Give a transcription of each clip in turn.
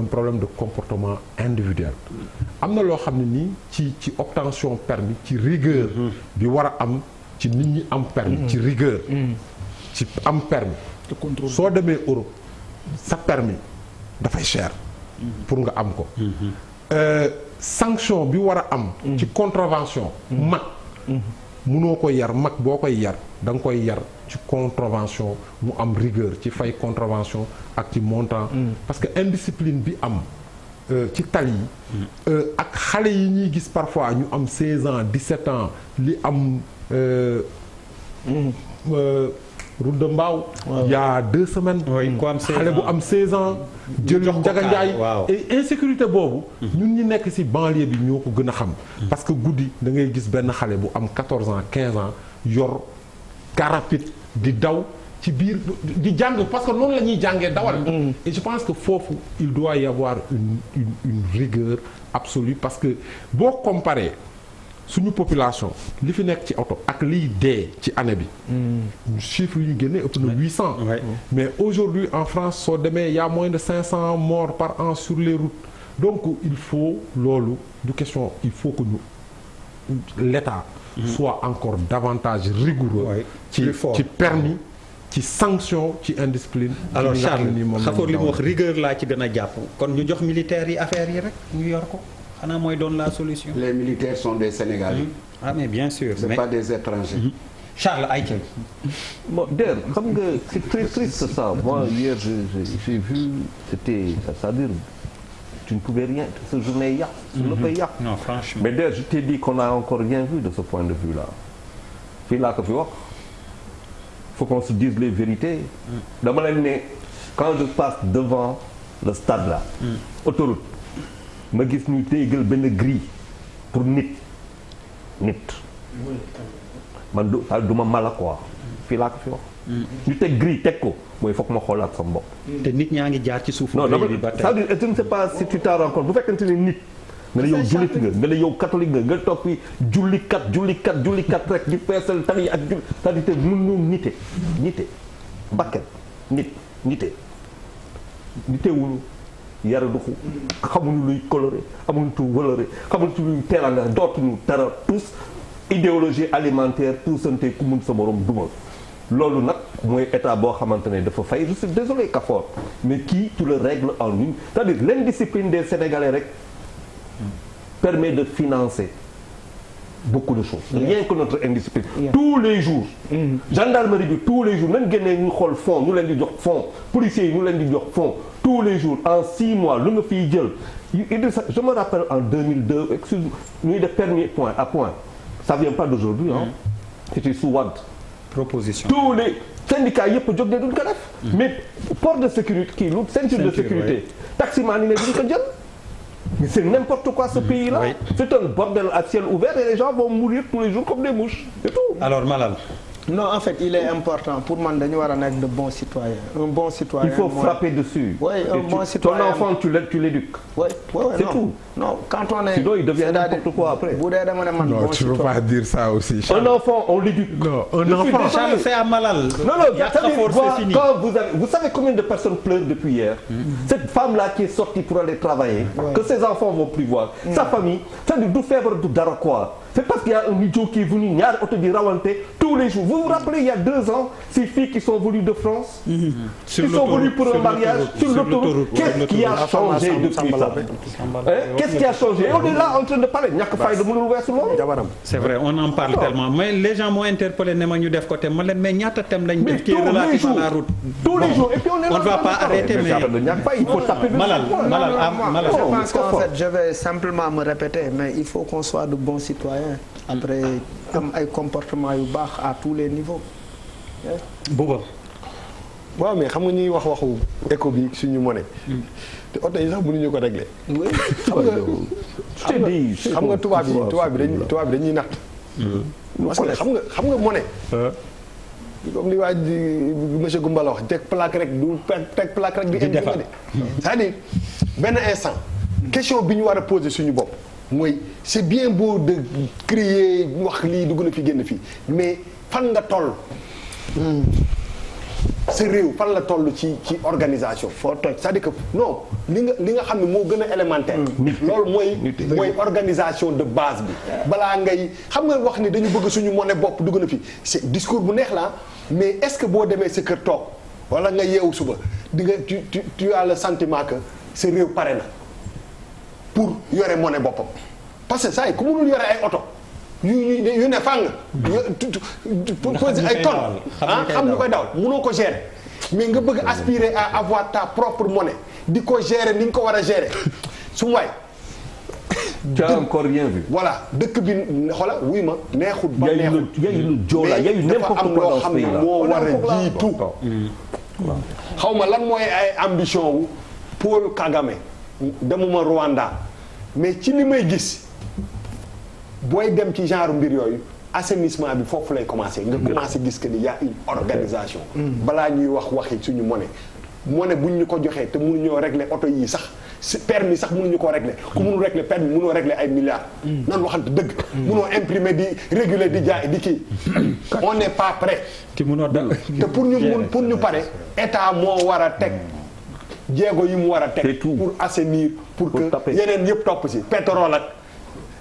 c'est problème de comportement individuel am na loo xam ne nii ci ci obtention permis ci rigueur mm-hmm. bi war a am ci nit ñi am permis mm-hmm. ci rigueur mm-hmm. ci am permis soo demee Europe sa permis dafay cher pour nga am ko euh, sanction bi war a am ci contravention mag munoo ko yar mag boo koy yar da koy yar ci contrevention mu am rigueur ci fay contrevention ak ci montant. Mm. parce que indiscipline bi am euh, ci tal yi. Mm. Euh, ak xale yi ñuy gis parfois ñu am 16 ans 17 ans li am. Euh, mm. route de Mbao. il y a deux semaines. xale bu am 16 ans. jël njaga njaay et insécurité boobu. ñun ñu nekk ci banlieue bi ñoo ko gën a xam. parce que guddi da ngay gis benn xale bu am 14 ans quinze ans yor. carapit di daw ci biir di jàng parce que noonu la ñuy jàngee dawal. Mm. et je pense que foofu il doit y avoir une parce que boo comparé suñu population li fi nekk ci oto ak liy dee ci année bi. Mm. yu ñu génnee ëpp na huit cent. mais aujourd'hui en France soo demee y a moins de cinq cent morts par an sur les routes donc il faut loolu du question il faut que ñu l'État. soit encore davantage rigoureux. ci ci permis ci sanction ci indiscipline. alors Charles Xafoor li mu wax rigueur laa ci gën a jàpp kon ñu jox militaires yi affaire yi rek ñu yor ko xanaa mooy doon la solution. les militaires sont des Sénégalais. ah mais bien sûr c'est mais... pas des étrangers. Mm -hmm. Charles Aïcha. bon d'ailleurs xam nga c'est très triste ça moi hier j'ai vu c'était c'est-à-dire. tu ne pouvais rien, ce journée est yàqu. su la koy yàqu. non mais d'ailleurs je t'ai dit qu'on a encore rien vu de ce point de vue là fii laa ko fi wax faut qu'on se dise les vérités. Mm. dama leen ne quand je passe devant le stade là. Mm. autoroute ma gis ñu téyegal benn grille pour nit nit. man du ah du ma mala quoi. fii laa ko fi wax. Mm-hmm. ñu teg gris teg ko mooy foog ma xoolaat sama bopp. te nit ñaa ngi jaar ci suuf. non dama c'est-à-dire je si bu fekkente ne nit. nga ne yow jullit nga nga ne yow catholique nga nga toog fi jullikat jullikat jullikat rek di peesal tari yi ak julli c'est-à-dire te mënoo nite. nite nit nite nitewul yara duxu mm-hmm. xamuñu luy coloré amuñu tu valoré xamuñu tu luy teelanga dootuñu dara tous idéologie alimentaire tout santé ku mun sa morom duma loolu nag mooy état boo xamante ne dafa fay je suis désolé Kafoor mais kii tu le règles en une c'est-à-dire l'indiscipline des Sénégalais rek permet de financer beaucoup de choses. rien que notre indiscipline. tous les jours. Mm-hmm. gendarmerie bi tous les jours même génnee ñu xool fond ñu leen di jox fond policiers yi di jox fond tous les jours en six mois lu nga fii jël Idrissa je me rappelle en 2002 excuse ñuy def permis point à point ça vient pas d'aujourd'hui hein mm-hmm. c'était sous proposition tous les syndicats yëpp jóg ne duñ ko def. Hmm. mais port de sécurité kii lu ceinture de sécurité. taximaan yi ne duñ ko jël. mais c'est n'importe quoi ce hmm. pays là. c'est un bordel à ciel ouvert et les gens vont mourir tous les jours comme des mouches c'est tout. non en fait il est important pour man dañu war a nekk de bons citoyens un bon citoyen. il faut moi, frapper dessus. oui un tu, bon citoyen ton enfant tu l' tu tout. non quand on est. il devient n'importe après. bu dee dama ne man bon citoyen non tu peux pas dire ça aussi. Charles. un enfant on l' éduque. non un le enfant quand vous savez combien de personnes pleurent depuis hier. Mhm. cette femme là qui est sortie pour aller travailler. que ses enfants vont plus voir. sa famille c'est-à-dire du feebar du dara quoi. c'est parce qu'il y a un idiot qui est venu ñaari il y a deux ans ces filles qui sont venues de France qui sont venues pour un mariage sur l'autoroute qu'est-ce qui a changé depuis ça qu'est-ce qui a changé on est là en train de parler ñàkk fay da mënul weesu loolu c'est vrai on en parle tellement mais les gens m'ont interpellé ne ma ñu def ko mais qui est la route tous les jours et puis on est là pas arrêter mais il faut citoyen après am ay comportement yu baax à tous les niveaux buuba waaw mais xam nga ñuy wax waxu éco bi suñu monnaie hmm. te oto yi sax mënuñu ko régler xam nga xam nga tubaab yi tubaab bi dañ tubaab bi dañuy natt hmm. parce que xam nga xam nga monnaie ah. comme li waa ji monsieur Goumba la wax teg plaque rek du teg plaque rek di indi c'est-à-dire benn instant question bi ñu war a poser suñu bopp mooy c' est bien boo de crier wax lii dugg na fi génn fii mais fan nga toll. Hmm. sa réew fan la toll ci ci organisation. foo toj c'est-à-dire li nga li nga xam ne moo gën a élémentaire. Hmm. loolu mooy mooy organisation de base bi. balaa ngay xam nga wax ni dañu bëgg suñu monnaie bopp dugg na fi c'est discours bu neex laa mais est-ce que boo demee sa kër toog wala nga yeewu suba di nga tu tu tu as que sa réew pare na. pour yore monnaie boppam parce que saa yi ku mënul yore ay oto yu yu ne fàng. pose ay ah, xam ñu koy ko gérer mais nga bëgg aspirer à avoir ta propre monnaie di ko gérer ni ko war a gérer su waay. tu as encore dëkk bi xola wuy ma neexut. ba a une joola mm. xaw ma lan mooy ay ambition wu Paul Kagame. demuma Rwanda mais ci li may gis booy dem ci genre mbir yooyu assainissement bi foofu lay commencé nga commencé gis que ni y a une organisation mm. balaa ñuy wax waxi suñu monnaie bu buñ ñu ko joxee te mënuñoo régler oto yii sax si permis sax mënuñu koo régler ku mënul régler permis mënoo régler ay milliards mm. nan waxante dëgg munoo mm. imprimer di réguler di jaay di kii on n'est pas prêt te pour ñu mun pour ñu pare état moo war a teg jéego yi mu war a teg pour assainir pour que yeneen yëpp topp si pétrole ak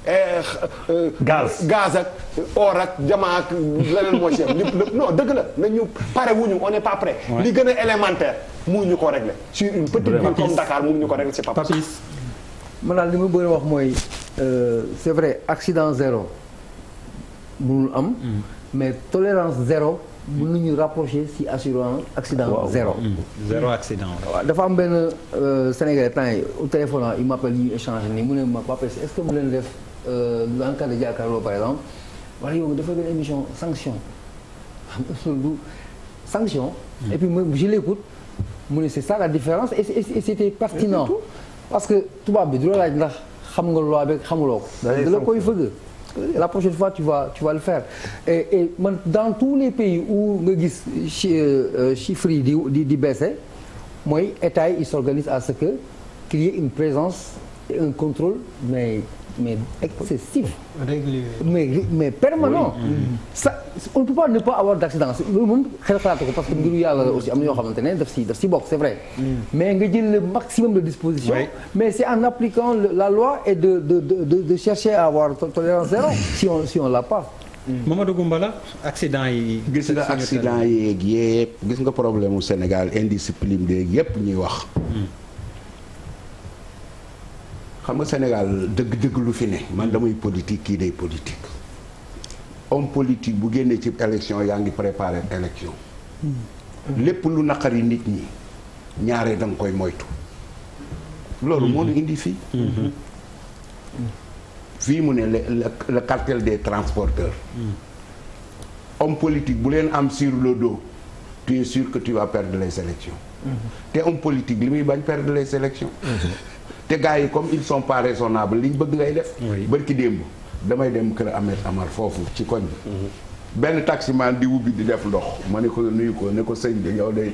eh, euh, gaz gaz ak or ak jamaa ak leneen moo ci yem lépp lépp non dëgg la nañu pare wuñu on n'est pas prêt li gën a élémentaire mu ñu ko régler sur une petite ville comme Dakar mu ñu ko régler si pas possible man daal li ma bëgg wax mooy euh, c'est vrai accident zéro mënul am mm. mais tolérance zéro mu mënuñu rapproché si assurant accident wow. zéro. Mm. zéro mm. accident. waaw dafa am benn euh, Sénégalais temps yi au téléphone ah, il m'appelle ñu échange nii mu ne ma Pape est-ce que mu leen def euh, dans le cas de jàkkaarloo par exemple wala yow dafa benn émission sanction xam nga sanction. Mm. et puis moi je l'écoute mu ne c'est ça la différence et et c'était pertinent. parce que tubaab bi du la laaj ndax xam nga loi beeg xamuloo ko. da la koy fëgg. la prochaine fois tu vas tu vas le faire et et man dans tous les pays où nga gis euh, euh, chiffres yi di di di baisser mooy état yi il s'organise à ce que qu'il y ait une présence et un contrôle mais mais excessif. régulier mais mais permanent. Mm-hmm. ça on ne peut pas ne pas avoir d' accident loolu moom xel xalaatu ko parce que mbiru yàlla aussi am na yoo xamante ne def si daf si bokk c' vrai. Mm. mais nga jël le maximum de disposition. mais c' est en appliquant la loi et de de de de chercher à avoir tolérance zéro mm. si on si on pas. Mm. Mamadou Goumbala accident yi. gis nga accident yeeg yëpp gis nga problème mu Sénégal indiscipline beeg yëpp ñuy wax. xam nga Sénégal dëgg-dëgg lu fi ne man damay politique kii day politique homme politique bu génnee ci élection yaa ngi préparé élection lépp lu naqari nit ñi ñaare da koy moytu loolu moo ñu indi fii fii mu ne le cartel des transporteurs homme politique bu leen am sur le dos tu es sûr que tu vas perdre les élections te homme politique li muy bañ perdre les élections te gars yi comme ils sont pas raisonnables liñ bëgg ngay def. bërki démb damay dem kër Ahmed Amar foofu ci koñ bi. Mhm. benn taximan di wubbi di def ndox ma ne ko nuyu ko ne ko sëñ bi yow de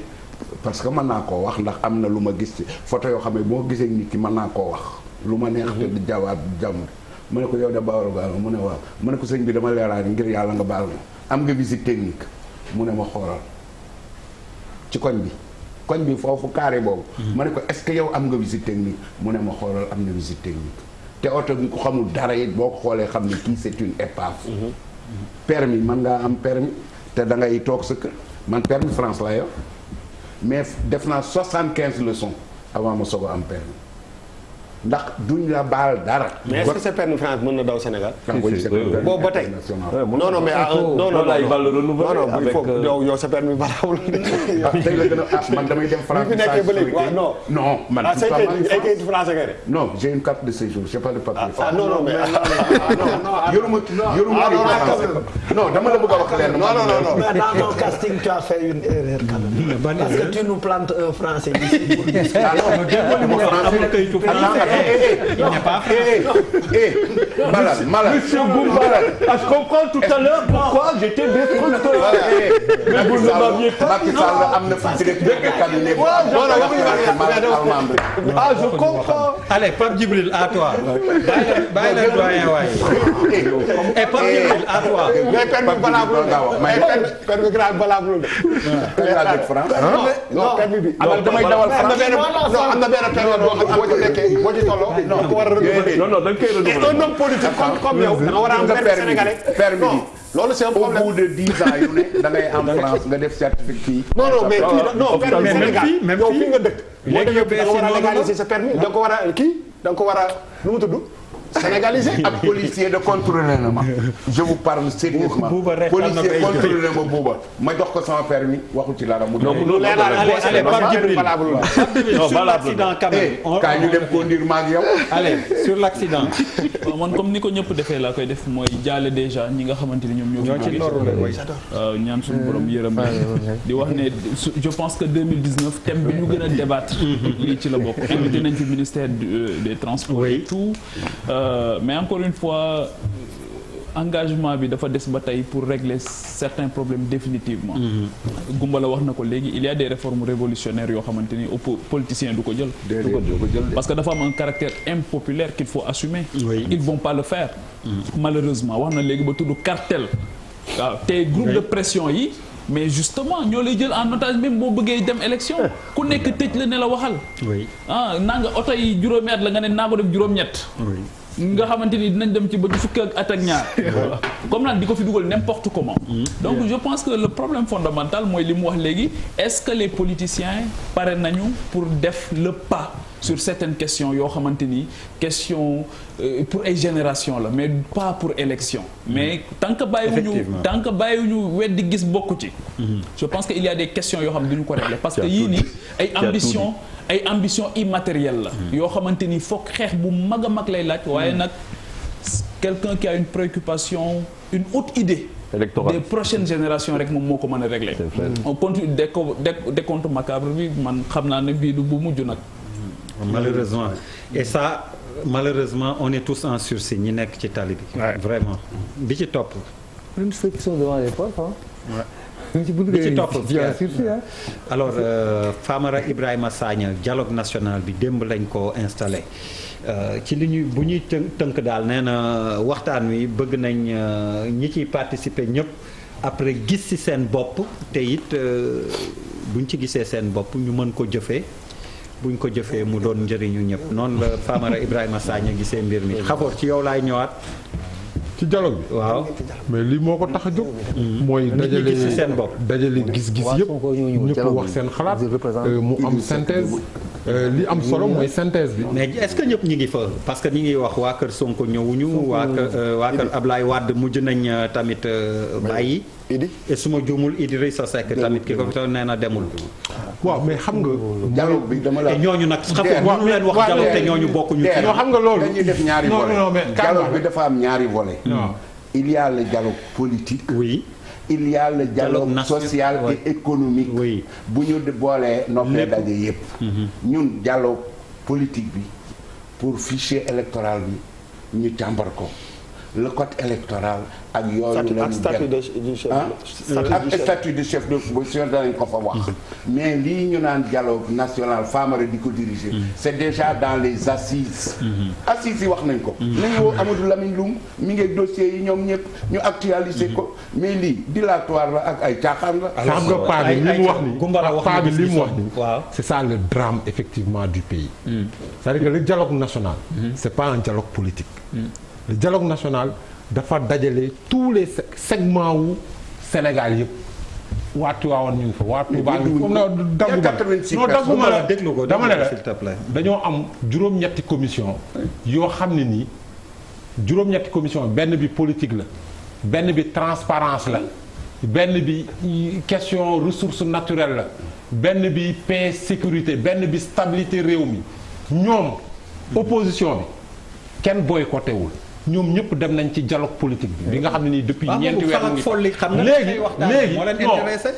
parce que mën naa koo wax ndax am na lu ma gis ci photo yoo xam ne boo gisee nit ki mën naa koo wax. lu ma neex te mhm. di jawaab jàmm. ma ne ko yow de bawal gaal mu ne waaw ma ne ko sëñ bi dama leeraat ngir yàlla nga baal am nga visite technique mu ne ma xoolal ci koñ bi. koñ bi foofu carré boobu. ma ne ko est-ce que yow am nga visite technique mu ne ma xoolal am na visite technique te oto bi ko xamul dara it boo ko xoolee xam ne kii et une épave. permis mën ngaa am permis te da ngay toog sa kër man permis France laa yor mais def naa soixante quinze leçons avant ma soog a am permis ndax duñ la baal dara. mais est-ce que sa permis France mën na daw Sénégal. Euh, boobu ba tey. non non mais euh, non non lay bal renouvelé non non il faut euh, yow yow sa permis balaawul. Ah, tey la gën a ah, man damay dem France. bi fi nekkee ba léegi waaw non. non man ah, tout ay kayitu français kay de. non j'ai une carte de séjour j'ai pas de papier. ah non non mais yoruma yoruma non dama la bëgg a wax leen. non non non mais dans mon casting tu as fait une erreur quand même. parce que tu nous plantes un français ici. il n'y a pas à malade, malade. Monsieur Boumbalade, je comprends tout à l'heure pourquoi j'étais destructeur. Eh, eh, mais vous ne m'aviez pas. Macky Sall am na fi directeur de cabinet. ah je comprends. allez Pape Djibril à toi. bàyyi la doyen waay. et eh, Pape Djibril à toi. mais permis valable permis grave valable ah. non non damay dawal am na benn période boo xam ne boo ci nekkee ci tolloo. non ku war a renouveler non nga koy renouveler. un homme politique comme comme yow. nga war a loolu c'est un problème am France nga def certificat fii. non non Sénégal yow fii nga dëkk. léegi yow da nga war a légaliser sa permis da nga ko war kii da nga ko war sénégalisé ak policier de contrôler na ma je vous parle sérieusement policier contrôler na ma buuba ma jox ko sama permis waxul ci dara mu eh, kaay ñu dem conduire ma ak yow allez sur l'accident man comme ni ko ñëpp defee laa koy def mooy jaale déjà ñi nga xamante ni ñoom ñoo ci waaw ñaan suñu borom mm. yërëm di wax ne je pense que 2019 thème bi ñu gën a débattre mm-hmm. lii ci la bokk invité nañ fi ministère euh, des transports et euh, mais encore une fois engagement bi dafa des ba tey pour régler certains problèmes définitivement mhm. la wax na ko léegi il y des réformes révolutionnaires yoo xamante ni politicien du ko jël parce que dafa amoon un caractère impopulaire qu'il faut assumer oui. ils vont pas le faire mhm. malheureusement wax na léegi ba tudd cartel waaw te groupe de pression yi mais justement ñoo lay jël en otage même boo bëggee dem élection ku nekk tëj la ne la waxal ah naa nga oto yi juróomi la nga ne naa ko def juróom nga xamante ni dinañ dem ci ba fukki at ak ñaar. comme naan di ko fi dugal n'importe comment. Mm. donc je pense que le problème fondamental mooy li mu wax léegi est-ce que les politiciens pare nañu pour def le pas. sur certaines questions yoo xamante ni question euh, pour ay génération la mais pas pour élection mm. mais tant que bàyyiwuñu tant que bàyyiwuñu weddi gis bokku ci mm-hmm. je pense que il y a des questions yoo xam ne duñu ko régler parce que yii nii ay ambition ay ambition immatérielle la hmm. yoo xamante ni foog xeex bu mag a mag lay laaj waaye hmm. nag quelqu'un qui a une préoccupation une haute idée Électoral. des prochaines rek moom moo ko mën a régler on continue décompte macabre bi man xam naa ne bii du bu mujj nag hmm. malheureusement et ça malheureusement on est tous en sursis ñi nekk ci tali bi vraiment bi ci topp bi ci topp bien sûr ah. alors euh, Famara Ibrahima Sagna dialogue national bi démb lañ ko installé euh, ci li ñuy bu ñuy tënk tënk daal nee na waxtaan wi bëgg nañ euh, ñi ciy participer ñëpp après gis ci seen bopp te it buñ ci gisee seen bopp ñu mën ko jëfee buñ ko jëfee mu doon njëriñu ñëpp noonu la Famara Ibrahima Sagna gisee mbir mi xafoor ci yow laay ñëwaat ci dialogue bi waaw mais lii moo ko tax a jóg. Mm-hmm. mooy dajale dajale gis-gis yëpp ñëpp wax seen xalaat euh, mu am synthèse. Euh, li am solo mooy synthèse bi. mais est-ce que ñëpp ñu ngi fa parce que ñu ngi wax waa kër Sonko ñëwuñu. Euh, waa kër waa kër Ablaye Wade mujj nañ euh, tamit bàyyi. Idi su ma juumul sa Seck tamit ki ko fi nee na demul. waaw mais xam nga. dialogue bi dama la ñooñu nag xam nga mënu leen te ñooñu bokkuñu. ci ñoo xam nga loolu dañuy def bi dafa am ñaari volets. il y a le dialogue il y a le dialogue social et économique bu ñu boolee noppee daje yépp mhm. ñun dialogue politique bi pour fichier électoral bi ñu càmbar ko le code électoral ak yooyu la ñu statut du chef de chef de l'opposition danañ ko fa wax mais lii ñu naan dialogue national Famara di ko diriger mm-hmm. c'est déjà dans les assises mm-hmm. assises yi wax nañ ko mm-hmm. nañu woo Amadou Lamine Loum mi ngi dossier yi ñoom ñëpp ñu actualiser ko mais lii dilatoire la ak ay caaxaan la xam nga paa bi li mu wax ni paa bi li mu wax ni waaw c'est ça le drame effectivement du pays mm. c'est-à-dire dialogue national c'est pas un dialogue politique mm. dialogue national dafa dajale tous les segments wu Sénégal yëpp. waa waawoon ñu ngi fa waa Tuubaa ñu comme na dagguma dagguma la déglu ko dama ne la dañoo am juróom-ñetti commission yoo xam ne nii juróom-ñetti commission benn bi politique la benn bi transparence la benn bi question ressources naturelles la benn bi paix sécurité benn bi stabilité réew mi ñoom opposition bi kenn boycotté wul ñoom ñëpp dem nañ ci dialogue politique bi. bi nga xam ne nii depuis ñeenti weer mu léegi léegi non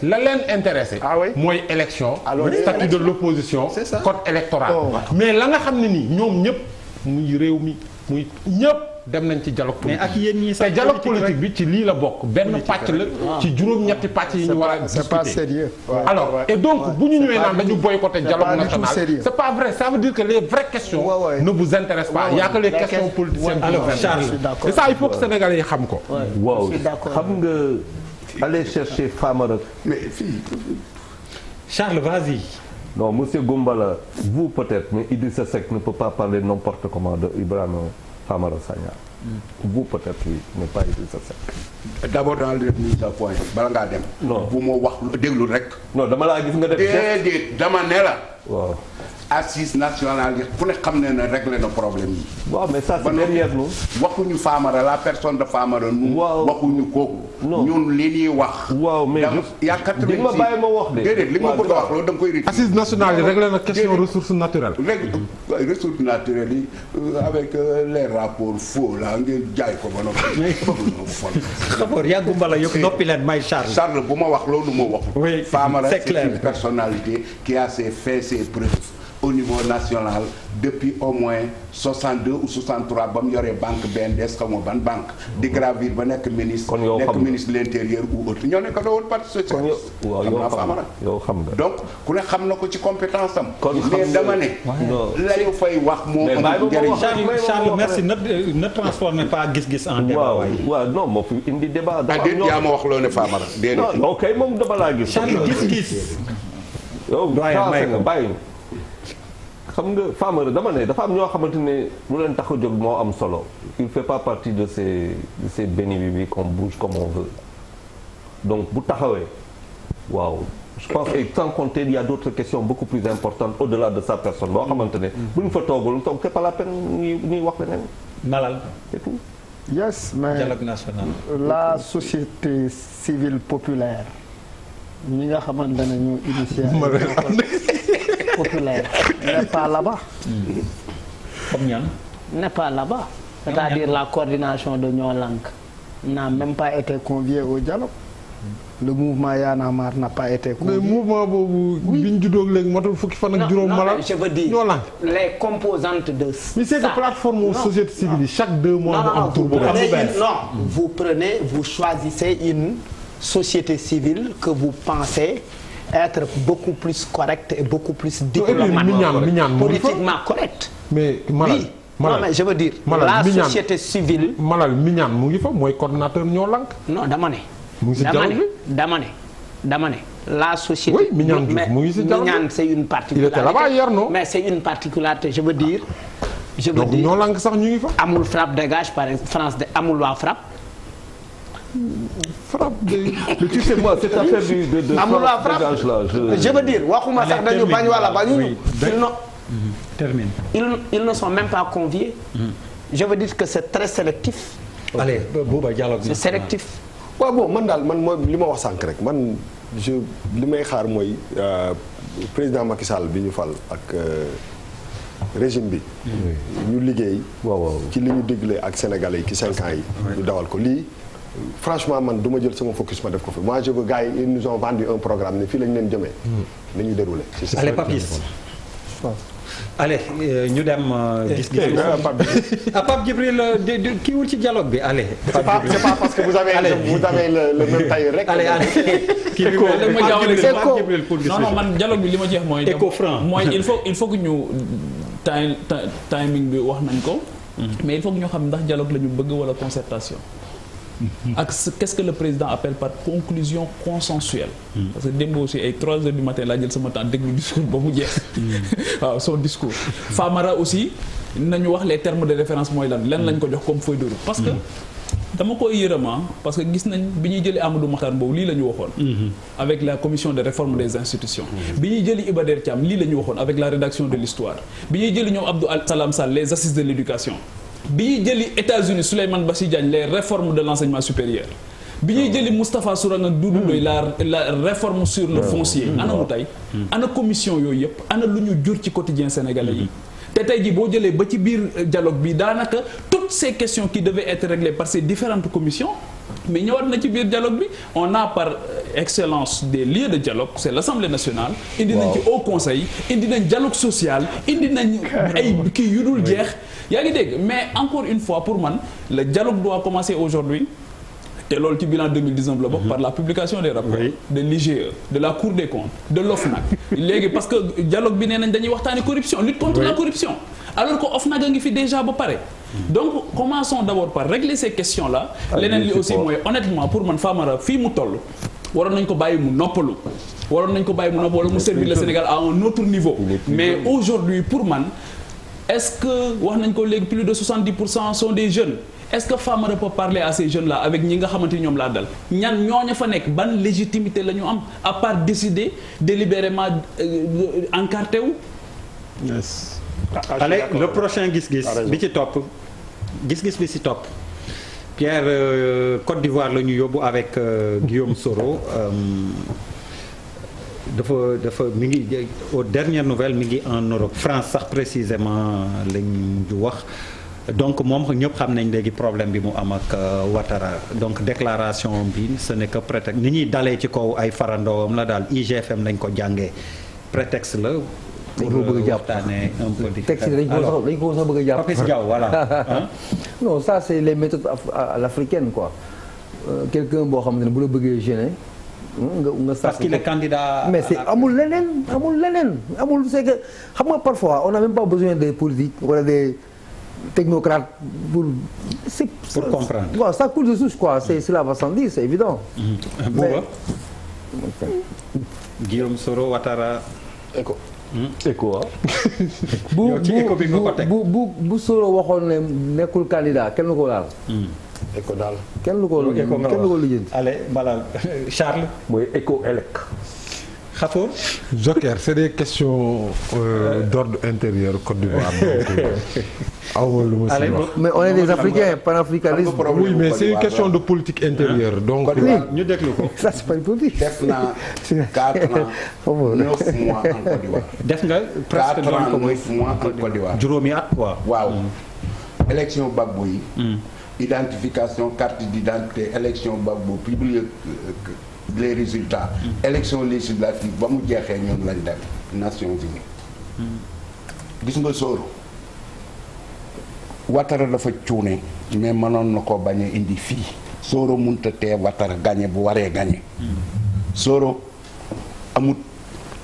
la leen intéressé. Ah mooy élection. Ah, statut de l' opposition. code électoral. Oh. mais la nga xam ne nii ñoom ñëpp muy réew mi muy ñëpp. dem nañ ci dialogue politique ak yéen ñii sax dialogue politique bi ci lii la bokk benn pàcc la ah. ci juróom-ñetti pàcc yi ñu war a discuter c'est pas sérieux donc bu ñu ñëwee naan dañu boycotter dialogue national c'est pas vrai ça veut dire que les vraies questions ne vous intéressent pas il y a que les questions politiciennes qui vous xam ko waaw xam nga aller chercher Famara mais fii Charles vas-y non monsieur Goumbala vous peut-être mais Idrissa Seck ne peut pas parler n'importe comment de Ibrahima Famara Sagna. bu mm. peut-être oui mais pas Idrissa Seck. d' abord danaa la def bala ngaa dem. non bu ma wax déglu rek. non dama laa gis nga def déedéet dama ne waaw assise nationale yi ku ne xam ne ne réglé na problème yi. waaw mais ça c'est derrière nous. waxuñu Famara la personne de Famara. waaw waxuñu kooku. ñun li ñuy wax. waaw mais je di nga ma bàyyi ma wax de. li ma bëgg a wax loolu da nga koy rëcc. assise nationale yi réglé na question ressources naturelles. rek ressources naturelles euh, euh, jaay ko ba noppi. yàggu mbala yëpp noppi leen may bu ma wax loolu ma wax. oui c'est clair Famara c'est une personnalité qui a fait ses au niveau national depuis au moins 62 ou 63 ba mu yoree banque BNDES xaw ma ban banque. di gravir ba nekk ministre. kon nekk ministre de l' intérieur ou autre ñoo nekk doon parti socialiste. yow xam nga yow xam nga donc ku ne xam na ko ci compétence am. kon xam mais dama ne. lañu fay wax moo amul njëriñ. Charles merci ne ne transformez pas gis-gis en débat. waaw waaw non moo fi indi débat. Ah, wax loo ne Famara déedéet. non kay moom dama laa gis. Charles gis-gis. yow bàyyi xam nga Famara dama ne dafa am ñoo xamante ne lu leen tax jog moo am solo il fait pas partie de ces de ces béni-bébés bouge comme on veut donc bu taxawee waaw je pense que sans compter il y a d'autres questions beaucoup plus importantes au-delà de sa personne boo xamante ne mm. bu ñu fa toogul toog c'est pas la peine ñuy ñuy wax leneen malal c'est tout yes mais dialogue national la société civile populaire ñi nga xamante ne ñu initié populaire n'est pas là n'est pas là cest c'est-à-dire la coordination de Noo Lank n'a même pas été conviée au dialogue. le mouvement Y'en a marre n'a pas été convié. mouvement boobu. bi ñu juddoo léegi matul fukki fan ak juróom. mala je les composantes de. ça mais c'est que plateforme société civile chaque deux mois. mu am tur est non vous prenez vous choisissez une société civile que vous pensez. être beaucoup plus correct et beaucoup plus diplomate. politiquement correct. mais Malal oui. non mais je veux dire. Malal, la société civile. Malal Mignane mu ngi fa mooy coordonnateur ñoo lank. non dama ne. mu ngi si dama ne dama ne dama ne. la société. oui Mignane mu ngi si Mignane c'est une particularité. il était là-bas hier non. mais c'est une particularité je veux dire. Ah. je veux dire donc ñoo lank sax ñu ngi fa. amul frappe dégage par exemple France de amul waa frappe. frappe de. mais tu sais moi cette affaire du de de. amul waa frappe je veux dire waxuma sax dañu bañ wala bañuñu. ils non mhm. termine. ils ils ne sont même pas conviés. Mhm. je veux dire que c'est très sélectif. c'est sélectif. waaw bon man daal man mooy li ma wax sànq rek man li may xaar mooy euh, président Macky Sall bi ñu fal ak. Euh, régime bi. ñu liggéey. waaw ci li ñu digle ak sénégalais yi ci cinq ans yi. ñu dawal ko lii. franchement man du ma jël sama focus ma def ko fi moi je veux gars yi ils nous ont vendu un programme ne fii lañ leen jëmee. Hmm. nañu déroulé. c'est allez Papis waaw. Euh, ñu dem euh, eh, gis-gis. Eh, euh, ah Pape Djibril ci dialogue bi ale c'est pas parce que vous avez. vous avez le le même tailleur rek. allez allez bi ma non non man bi li ma jeex mooy. éco franc mooy il faut il faut que ñu time timing bi wax nañ ko. Hmm. mais il faut que ñu xam ndax dialogue la ñu bëgg wala concertation. ak qu'est-ce que le président appelle par conclusion consensuelle. Hmm. parce que démb ay 3 heures du matin laa jël sama temps déglu discours ba mu jeex. Hmm. waaw son discours. Famara aussi nañu wax les termes de référence mooy lan lan lañ ko jox comme feuille de route. parce que hmm. dama koy yërëmaa ah, parce que gis nañ bi ñuy jëli Amadou Mahtar Mbow lii la waxoon. avec la commission de réforme des institutions. bi ñuy jëli Iba Der lii la waxoon avec la bi ñuy jëli États-Unis ba si Diagne les réformes de l'enseignement supérieur bi ñuy jëli Moustapha Sourang ak Doudou Ndoye la la réforme sur le foncier ana mu tey mm. ana commission yooyu yëpp ana lu ñu jur ci quotidien sénégalais yi te tey ji boo jëlee ba ci biir dialogue bi daanaka toutes ces questions qui devaient être réglées par ces différentes commissions mais ñëwaat na ci biir dialogue bi on a par excellence des lieux de dialogue c' est l' nationale. indi nañ ci haut conseil indi nañ dialogue social indi nañ. ay kii yu dul jeex. yaa ngi dégg mais encore une fois pour man le dialogue doit commencer aujourd'hui te loolu ci bilan 2019 la bokk par la publication des rapports de l'IGE de la Cour des comptes de l'OFNAC léegi parce que dialogue bi nee nañ dañuy waxtaani corruption lutte contre la corruption alors que OFNAC a ngi fi déjà ba pare donc commençons d'abord par régler ces questions là leneen li aussi mooy honnêtement pour man Famara fi mu toll waroon nañ ko bàyyi mu noppalu waroon nañ ko bàyyi mu noppalu mu servir le Sénégal à un autre pour man est-ce que wax nañ ko léegi plus de pour cent sont des jeunes est-ce que Famara peut parler à ces jeunes là avec ñi nga xamante ni ñoom laa dal ñan ñooña fa nekk ban légitimité la ñu am à part décider délibérément euh, encarté wu. yes. Ah, allez le prochain gis-gis. Ah, bi ci topp gis-gis bi ci topp. Pierre euh, Côte d'Ivoire la ñu yóbbu avec euh, Guillaume Soro. Euh, dafa dafa mi ngi aux dernières nouvelle mi ngi en Europe France sax précisément lañ ñu wax. donc moom ñëpp xam nañ léegi problème bi mu am ak euh, Ouattara donc déclaration bi ce n'est que prétexte ni ñuy dalee ci kaw ay farandoowam la daal IGFM lañ ko jàngee prétexte la. dañ ko bëgg a euh, jàpp un peu di. texte dañ bëgg a jàpp. Papis les méthodes à euh, boo xam ne bu la bëggee gêner. Hmm, nga nga mais c'est amul leneen amul leneen amul se que xam parfois on n'a même pas besoin des politiques wala des. technocrate pour. c'est pour comprendre. waaw ça coule de source quoi c'est cela va sans dire c'est évident. Mm-hmm. Bouba. Mm. Guillaume Soro Ouattara. ECHO. Hmm? ECHO waaw. Ah. bu bu bu bu Soro waxoon hmm. Charles. mooy ECHO ELEC. Khapo Joker c'est des questions euh, d'ordre intérieur Côte d'Ivoire aw lu ma si wax on est des africains panafricanistes mais c'est une question de politique intérieure donc euh, ñu déglu ko ça c'est pas une politique def naa oh, quatre ans neuf waaw mm. élection Gbagbo yi mm. identification carte d'identité élection Gbagbo publique euh, les résultats. Mm. élection législative ba mu jeexee ñoom lañ dem Nations Unies. Mm. gis nga sóoru Ouattara dafa cuune mais mënoon na ko bañ indi fii. Soro mënta tee Ouattara gagné bu waree gagné. Mm. Soro amut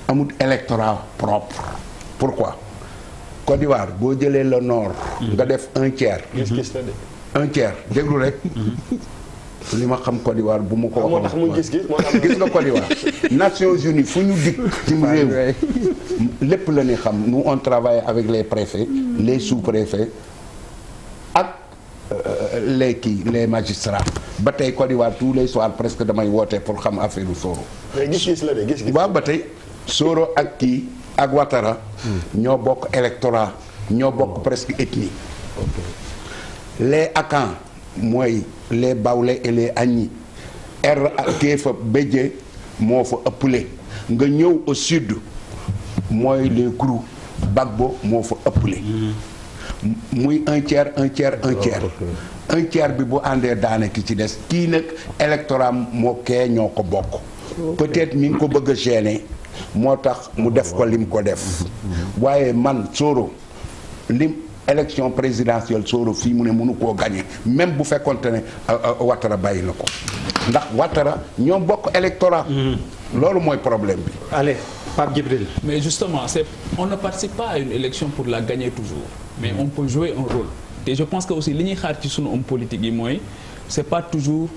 amut électorat propre. pourquoi Côte boo jëlee le nord. nga def un tiers. un tiers déglu rek. Mm-hmm. li ma xam Côte bu ma ko ah, waxoon moo tax muy gis gis nga Côte d'Ivoire Nations Unies fu ñu dikk ci réew lépp la ñuy xam nous on travaille avec les préfets les sous-préfets ak euh, les kii les magistrats ba tey Côte d'Ivoire les soirs presque damay woote pour xam affaire u Soro mais gis-gis gis-gis waaw ba tey Soro ak kii ak Ouattara hmm. ñoo bokk électorat ñoo bokk hmm. presque ethnie les Akans mooy les bawle et les añi r kee fa béjjee moo fa ëpple nga ñëw au sud mooy les Krou Bagbo moo fa ëpple mm-hmm. muy un tiers un ah, bi bu àndee daane ki ci des kii nag électorat moo kee ñoo ko bokk peut-être ko bëgg a gêner moo tax mu def ko lim ko def mm-hmm. waaye man sóoro lim élection présidentielle Soro fii mu ne mënu koo gagné même bu fekkonte ne euh, euh, Ouattara bàyyi na ko ndax Ouattara ñoo bokk électorat mm-hmm. loolu mooy problème bi allez Pape Djibril mais justement c'est on ne participe pas à une élection pour la gagner toujours mais mm-hmm. on peut jouer un rôle je pense que aussi li ñuy xaar ci sunu homme politique yi mooy c'est pas toujours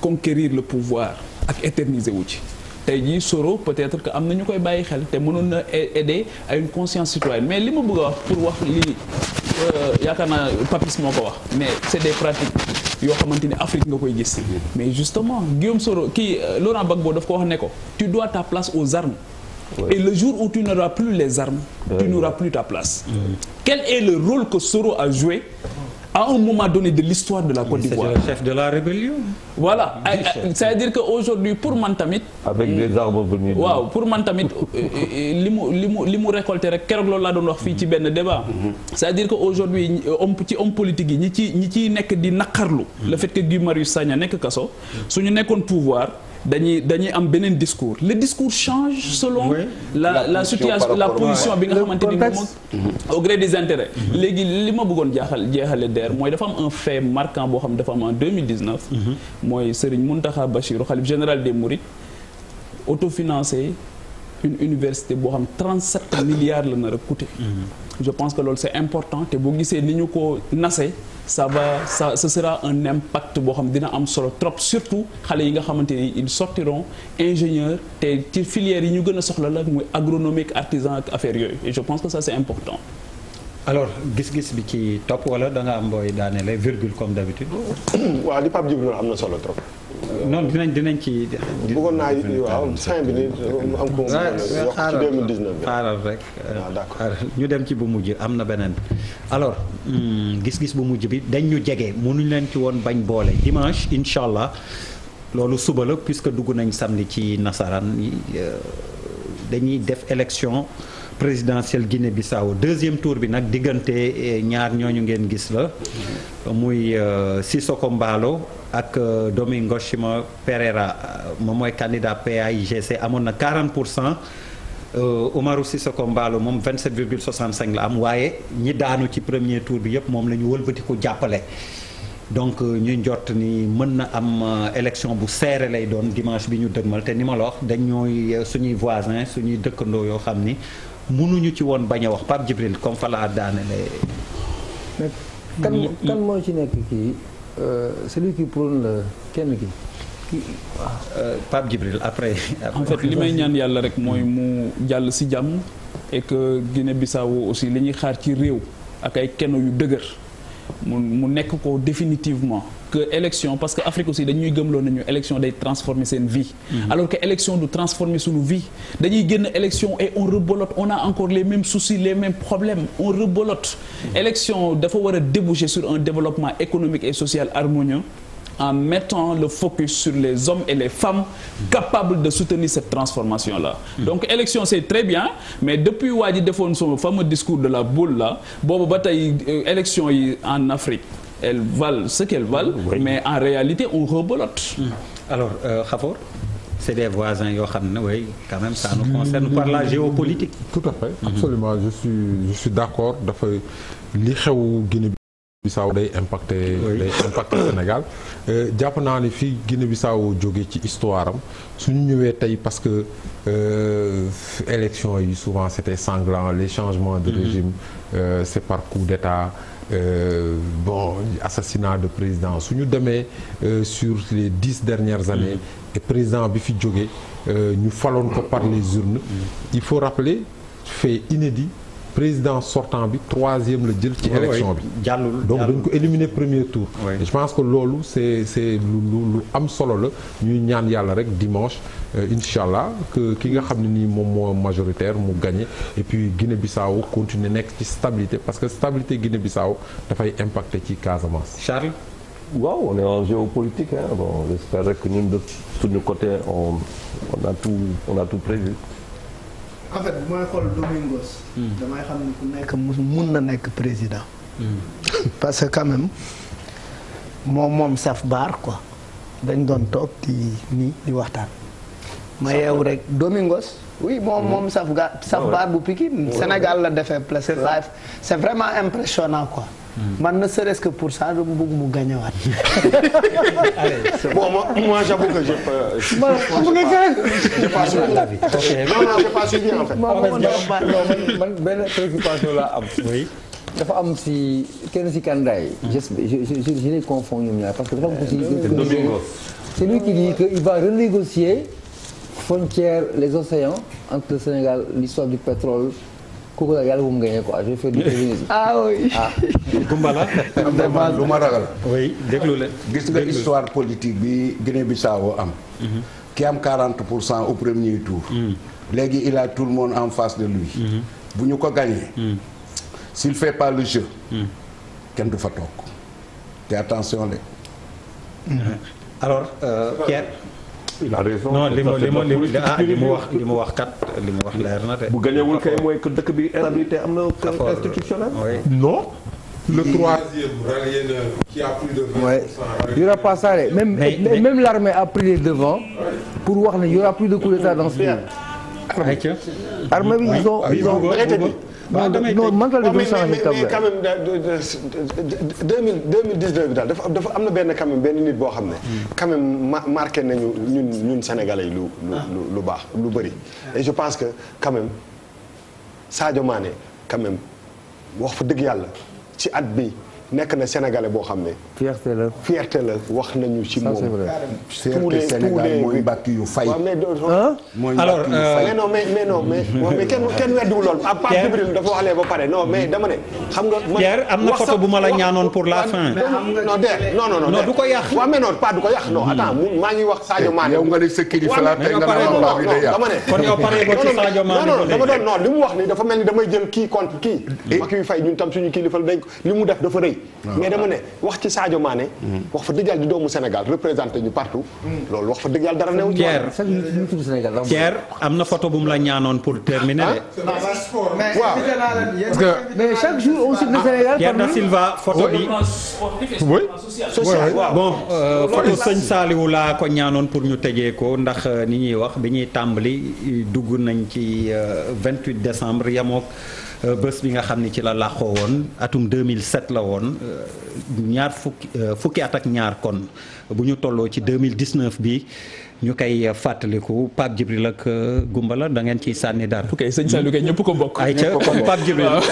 conquérir le pouvoir ak éterniser wu ci tey jii Soro peut-être que am na ñu koy bàyyi xel te mënoon na aider à une conscience citoyenne mais li ma bëgg wax pour wax li euh, yaakaar naa Papis moo ko wax mais c'est des pratiques yoo xamante ni Afrique nga koy gis mais justement Guillaume Soro kii euh, Laurent Gbagbo daf ko wax ne ko tu dois ta place aux armes et le jour où tu n'auras plus les armes tu n'auras plus ta place quel est le rôle que Soro a joué à un moment donné de l'histoire de la Côte d'Ivoire. C'est le chef de la rébellion. Euh, euh, cest dire que aujourd'hui pour man tamit. avec des euh, waaw pour man tamit li mu li mu li mu récolté rek keroog loolu laa doon wax fii ci benn débat. Mhm. c'est-à-dire que aujourd'hui homme ci homme politique yi ñi ci ñi ciy nekk di naqarlu. le fait que Guy Marius Sagna nekk kaso. su ñu nekkoon pouvoir. dañuy dañuy am beneen discours le discours change selon la la situation la position bi nga xamante ni moom au gré des intérêts mm-hmm. léegi li ma bëggoon jaaxal jeexale der mooy dafa am un fait marquant boo xam dafa am en 2019 mm-hmm. mooy Serigne Mountakha Bachirou xalif général des Mourides autofinancé une université boo xam 37 milliards la nar a coûter mm-hmm. je pense que lool c'est important te boo gisee ni ñu ko nase ça va ça ce sera un impact boo xam dina am solo trop surtout xale yi nga xamante ni ils sortiront ingénieur te ci filières yi ñu gën a soxla la muy agronomique artisan ak affaire yooyu et je pense que ça c'est important. alors gis-gis bi ci topp wala da nga am booy daaneele virgule comme d'habitude. waaw li Pape Djibril am na solo trop. non dinañ dinañ ci. bëggoon naa waaw fin xaaral rek. Ah, euh, ñu dem ci bu mujj am na beneen. alors hmm, gis-gis bu mujj bi dañ ñu jege mënuñ leen ci woon bañ boole dimanche incha allah loolu suba la puisque dugg nañ samedi ci nasaraan euh, dañuy def élection. présidentielle Guinée-Bissau deuxième tour bi nag diggante eh, ñaar ñooñu ngeen gis la muy euh, Sissoko Mbalo ak euh, Domingo Chima Pereira moom mooy candidat PAIGC amoon na 40 pour cent euh, Umaru Sissoko Mbalo moom 27 virgule 65 la am waaye ñi daanu ci premier tour bi yëpp moom la ñu wëlbatiku jàppale donc ñu njort ni mën na am élection bu serré lay doon dimanche bi ñu dëgmal te ni ma suñuy voisins suñuy dëkkandoo yoo xam ni mënuñu ci woon bañ a wax Pape Djibril comme fa laa daanele mais kan kan moo ci nekk kii euh, celui qui prône la kenn ki euh, Pape Djibril après en fait li may ñaan yàlla rek mooy mu jàll si jàmm et que Guinée-Bissau aussi li ñuy xaar ci réew ak ay keno yu dëgër mu mu nekk ko définitivement que élection parce que Afrique aussi dañuy gëmloo nañu élection day transformer seen vie mhm. alors que élection du transformer suñu vie dañuy génn élection et on rebolote on a encore les mêmes soucis les mêmes problèmes on rebolote mhm. élection dafa war a déboucher sur un développement économique et social harmonieux en mettant le focus sur les hommes et les femmes capables de soutenir cette transformation-là. Hmm. Donc élection c'est très bien mais depuis waa ji defoon son fameux discours de la boule la boobu ba tey euh, élection yi en Afrique elles valent ce qu'elles valent mais en réalité on rebolote. Hmm. Alors euh, Khafor c'est des voisins yoo xam ne oui quand même ça nous hmm. concerne par la géopolitique. Tout à fait. Absolument. Je suis je suis d'accord dafay li Guinée. Bissau day impact day impacté Sénégal euh, jàpp naa ni fii Guinée Bissau jóge ci histoire am suñu ñëwee tey parce que euh, élection yi souvent c'était sanglant les changements de mm-hmm. régime euh, c'est par coup d'état bon assassinat de président su ñu demee sur les dix dernières mm-hmm. années et président bi fi jóge ñu faloon ko par les urnes mm-hmm. il faut rappeler fait inédit président sortant bi troisième la jël ci élection bi jàllul donc dañ ko éliminer premier tour je pense que loolu c'est lu am solo la ñuy ñaan yàlla rek dimanche euh, incha allah que ki nga xam ne nii moom moo majoritaire mu gagné et puis Guinée-Bissau continuer nekk ci stabilité parce que stabilité Guinée-Bissau dafay impacter ci Casamance Charles waaw on est en géopolitique hein bon j'espère que ñun de suñu côté on on a tout prévu en fait bu may xool Domingos. Hmm. damay xam ne ku nekk mun na nekk président. Hmm. parce que quand moom moom saf baar quoi dañ doon toog di nii di waxtaan. ma yeewu rek Domingos. oui moom hmm. moom saf ga saf oh, baar bu Pikine Sénégal la defee. c'est c'est vraiment impressionnant quoi. Mm. man ne serait-ce que pour ça dama bëgg mu gañewaat. bon moi, moi j'avoue que je peux. je passe mon avis. non non je passe bien en fait. man man benn préoccupation laa am. oui dafa am si kenn si candidat mm. yi. je je je je les confonds ñoom ñaar parce que dafa am ko si. Euh, c'est lui qui dit que il va renégocier frontière les océans entre le Sénégal l'histoire du pétrole. kooku nag yàlla bu mu gagné quoi je fais du lu ma ragal. gis nga histoire politique bi Guinée-Bissau am. Mhm. ki am quarante pour cent au premier tour. Mhm. léegi il a tout le monde en face de lui. Mhm. bu ñu ko gagné. s'il fait pas le jeu. kenn du fa toog te attention de. alors euh, Pierre. il a raison. non li mu li mu ah, li mu wax li mu wax kat li mu wax leer na de. bu gañewul kay mooy que dëkk bi instabilité am na. Euh, institutionnel non. le 3 qui a plus de 20 ouais. Il n'y aura pas ça. Même, mais, mais, même l'armée a pris les devants pour voir qu'il n'y aura plus de coup d'État dans ce pays. Armée, ah, ils ont, ils ont, ils ont waaw damay non man daal mais mais quand même deux mille deux mille dix neuf bi daal dafa dafa am na benn quand même benn nit boo xam ne. Hmm. quand même ma marqué nañu ñun ñun sénégalais lu ah. lu lu baax lu bëri. Ah. et je pense que quand même Sadio Mané quand wax fa dëgg yàlla ci at bi. nekk na sénégalais boo xam ne. fierté la la wax nañu ci moom. fierté Sénégal mooy mbàkk yu fay. mooy mbàkk yu euh, fay mais non mais mais non mais kenn weddiwul lool. à dafa wax lee ba pare non mais dama xam nga man Pierre am na photo bu ma la ñaanoon pour la ah, fin. non de non non non du ko yàq. waaw hmm. maa ngi wax saajo eh, Mané. yow nga ne sa kilifa la tey li mu wax ni dafa mel ni damay jël kii contre kii. Eh, mbàkk yu fay ñun tam suñu kilifa dañ ko li mu def dafa rëy mais dama ne wax ci saajo maane mm-hmm. wax fa dëgg yàlla di doomu Sénégal représenté ñu partout. Mm-hmm. loolu wax fa dëgg yàlla dara newu ci wàllu. Pierre am na photo bu mu la ñaanoon pour terminer. Ah, ah. waaw parce le Sénégal. da Silva photo bi. oui social bon euh, photo sëñ Saliou laa ko ñaanoon pour ñu tëjee ko ndax euh, ni ñuy wax bi ñuy tàmbali dugg nañ ci 28 euh, décembre yamook. Euh, bés bi nga xam ni ci la làqoo woon atum 2007 la woon euh, ñaar fukki euh, fukki at ak ñaar kon bu ñu tolloo ci 2019 bi ñu koy euh, fàttaliku Pape Djibril ak euh, Gumbala da ngeen ci sànni dara. ok sëñ Saliou kay ñëpp ko bokk. ay ca Pape Djibril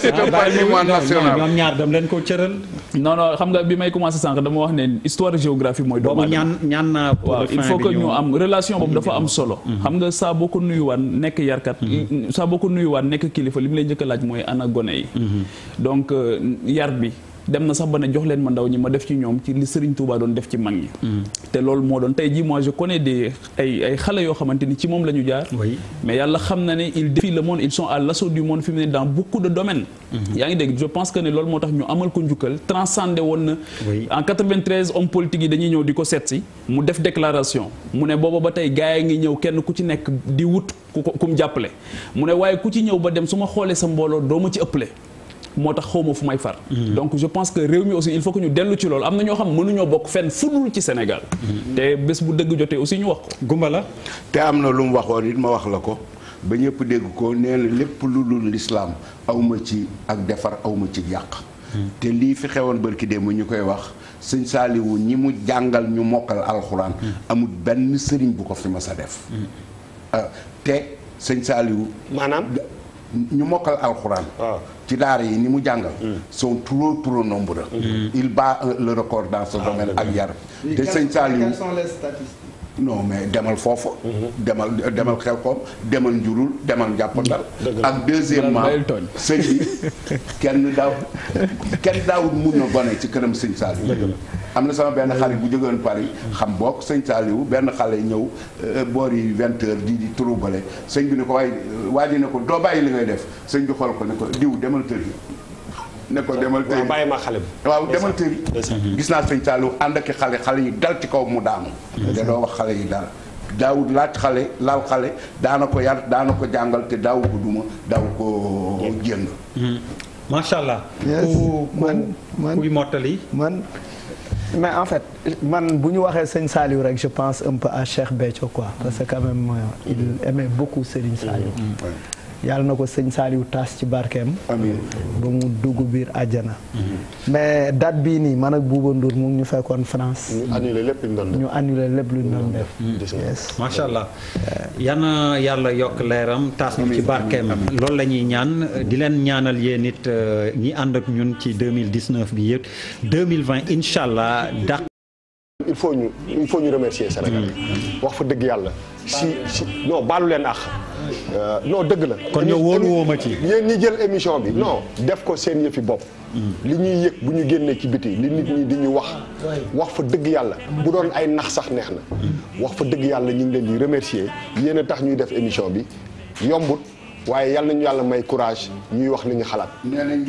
c'est un ah, patrimoine national ñoom ñaar dam leen ko cëral. non non xam nga bi may commencé sànq dama wax ne histoire géographie mooy. doomu ñaan ñaan naa waaw il faut ñu am relation boobu dafa am solo. Mm-hmm. xam nga saa boo ko nuyuwaan nekk yarkat. Mm-hmm. Mm-hmm, saa boo ko nuyuwaan nekk kilifa li mu lay njëkk laaj mooy ana gone yi. donc euh, yar bi. dem na sax ba ne jox leen ma ndaw ñi ma def ci ñoom ci li Serigne Touba doon def ci mag ñi. Mm. te loolu moo doon tey jii moi je connais des ay ay xale yoo xamante ni ci moom la ñu jaar. mais yàlla xam na ne ils défient le monde ils sont à l'assaut du monde fi mu ne dans beaucoup de domaines. Mm-hmm. yaa ngi dégg je pense que ne loolu moo tax ñu amal ko njukkal transcendé woon na. en 93 hommes politiques yi dañuy ñëw di ko seet mu def déclaration mu ne booba ba tey gars yi ngi ñëw kenn ku ci nekk di ku ko ku mu jàppale mu ne waaye ku ci ñëw ba dem su ma xoolee sa mbooloo doo ma ci ëppale. moo tax xaw ma fu may far. donc je pense que réew mi aussi il faut que ñu dellu ci loolu am na ñoo xam mënuñoo bokk fenn fu dul ci Sénégal. Mm-hmm. te bés bu dëgg jotee aussi ñu wax ko. gumba la te am na lu mu waxoon it ma wax la ko. ba ñëpp dégg ko nee lépp lu lu lislaam awma ci ak defar awma ci yàq mm-hmm. te lii fi xewoon bërki mu ñu koy wax sëñ saaliwu ñi mu jàngal ñu mokkal alxuraan mm-hmm. amul benn sëriñ bu ko fi mas a def ah, te sëñ saaliwu maanaam ñu mokkal alxuraan. Ah. ci daara yi ni mu jàngal. Hmm. sont trop trop nombreux. Hmm. il bat euh, le record domaine ak yar. Hmm. te sëñ Saliou quelles mais demal foofu. demal demal xel koom demal njurul demal njàppandal. ak deuxièmement sëñ bi kenn daaw kenn daawul mun na gone ci këram sëñ Saliou. am na sama benn xarit bu jógoon Paris xam bokk sëñ Saliou benn xale ñëw euh, boor yi vingt heures di di troubale sëñ bi ne ko waaye waa ji ne ko doo bàyyi li ngay def sëñ bi xol ko ne ko diw demal tër ne ko demal tër ma xale bi waaw demal mm-hmm. gis naa sëñ Saliou ànd ak xale xale yi dal ci kaw mu daanu da mm-hmm. doo wax xale yi dal daawul laaj xale laal xale daana ko yar daana ko jàngal te daawu ko duma daw ko jëng macha mm-hmm. allah. ku ku kuy mottali man. mais en fait man bu ñu waxee sëñ Saliou rek je pense un peu à Cheikh Béthio quoi parce que quand même euh, il aimait beaucoup Serigne Saliou. Mm. yàlla na ko sëñ Saliou taas ci barkeem amiin ba mu dugg biir àjjana mhm. mais date bi nii man ak Bouba Ndour mu ñu fekkoon France ñu annulé lépp lu ñu doon def ñu annulé lépp lu ñu doon def mhm. allah yal yàlla yokk leeram taas ñu ci barkeem loolu lañuy ñaan di leen ñaanal yéen nit euh, ñi ànd ak ñun ci 2019 bi yëpp 2020 incha allah dàq il faut ñu il faut ñu remercier Sénégal mhm. wax fa dëgg yàlla si si non baalu leen ax euh, non dëgg la. kon yow wóolu ma ci. yéen ñi jël émission bi non def ko seen yëfi bopp. Hmm. li ñuy yëg bu ñu génnee ci biti li nit ñi di ñu wax. Hmm. wax fa dëgg yàlla. bu doon ay nax sax neex na. Hmm. wax fa dëgg yàlla ñu ngi leen di remercier yéen a tax ñuy def émission bi yombut. waaye yal nañu yàlla may courage ñuy wax li ñu xalaat. nee nañ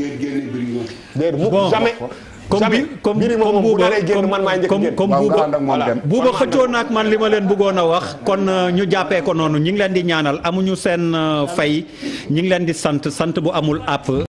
ngeen mukk jamais jamais comme bi comme buuba comme comme buuba voilà buuba xëccoo naag man li ma leen bëggoon a wax. kon euh, ñu jàppee ko noonu ñu ngi leen di ñaanal amuñu seen euh, fay ñu ngi leen di sant sant bu amul àpp.